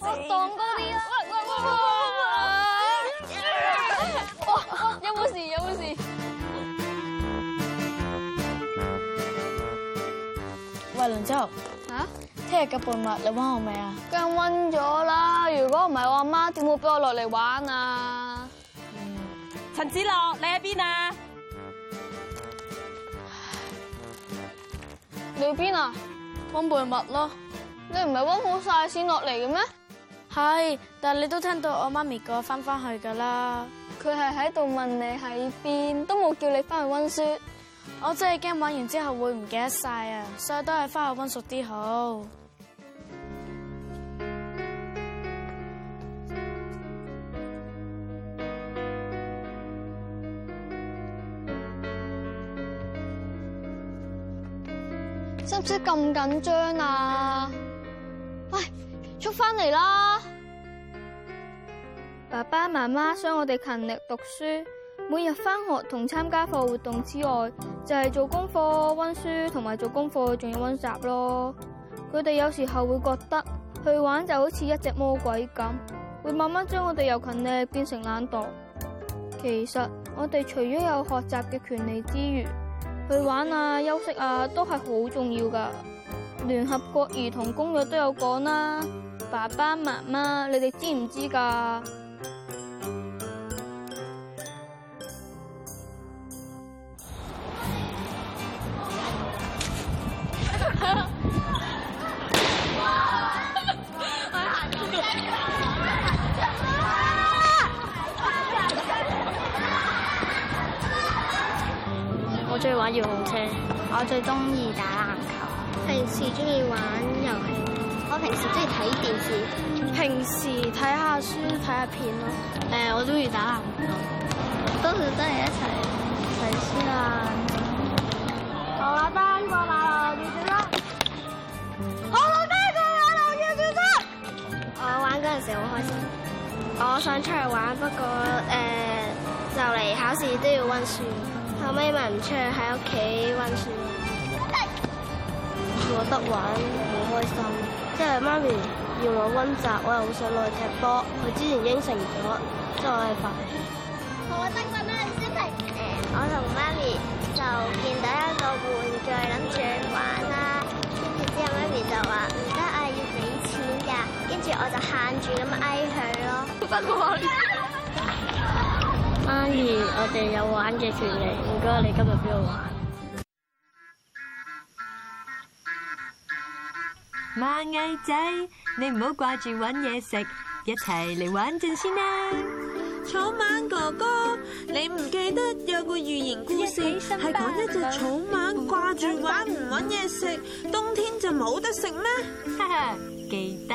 我蕩高啲啦！哇哇哇哇哇！有冇事？有冇事？喂，林州。吓？聽日嘅貝物你温我未啊？梗温咗啦！如果唔係我阿媽點會俾我落嚟玩啊？陳子樂，你喺邊啊？你喺邊啊？温貝物咯。你唔係温好晒先落嚟嘅咩？係，但係你都聽到我媽咪叫我翻翻去噶啦。佢係喺度問你喺邊，都冇叫你翻去溫書。我真係驚玩完之後會唔記得晒啊，所以都係翻去溫熟啲好。使唔使咁緊張啊？喂，出翻嚟啦！爸爸媽媽想我哋勤力讀書，每日翻學同參加課活動之外，就係做功課溫書同埋做功課仲要溫習咯。佢哋有時候會覺得去玩就好似一隻魔鬼咁，會慢慢將我哋由勤力變成懶惰。其實我哋除咗有學習嘅權利之餘，去玩啊休息啊都係好重要噶。聯合國兒童公約都有講啦，爸爸媽媽你哋知唔知噶？中意玩遙控車，我最中意打籃球。平時中意玩遊戲，我平時中意睇電視。平時睇下書，睇下片咯。誒、呃，我中意打籃球。多數都係一齊睇書啊。我單過馬路要小心。好，我單過馬路要小心。我玩嗰陣時好開心。我想出去玩，不過誒、呃、就嚟考試都要溫書。我咪咪唔出去喺屋企溫書，我得玩、玩，好開心。即係媽咪要我溫習，我又好想落去踢波。佢之前應承咗，即係我係白。我得嘅咩？小朋友，我同媽咪就見到一個玩具，諗住玩啦。跟住之後媽咪就話唔得啊，要俾錢㗎。跟住我就喊住咁嗌佢咯。不過媽咪，我哋有玩嘅權利，唔該你今日邊度玩？螞蟻仔，你唔好掛住揾嘢食，一齊嚟玩陣先啦！草蜢哥哥，你唔記得有個寓言故事係講一隻草蜢掛住玩唔揾嘢食，冬天就冇得食咩？哈哈。記得，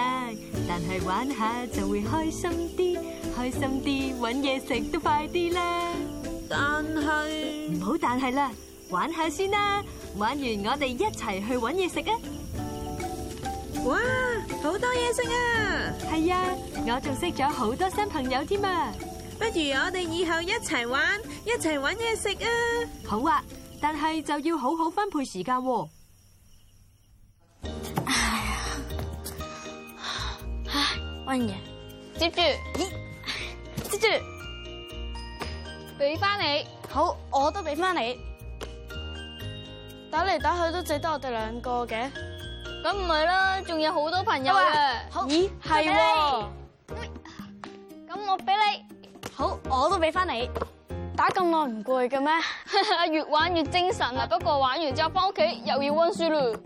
但係玩下就會開心啲，開心啲，搵嘢食都快啲啦。但係，唔好但係啦，玩下先啦，玩完我哋一齊去搵嘢食啊！哇，好多嘢食啊！係啊，我仲識咗好多新朋友添啊！不如我哋以後一齊玩，一齊搵嘢食啊！好啊，但係就要好好分配時間。接住，接住，俾翻你。好，我都俾翻你。打嚟打去都只得我哋兩個嘅，咁唔係啦，仲有好多朋友嘅。咦，係喎。咁我俾你。好，我都俾翻你。打咁耐唔攰嘅咩？越玩越精神啊！不過玩完之後翻屋企又要溫書啦。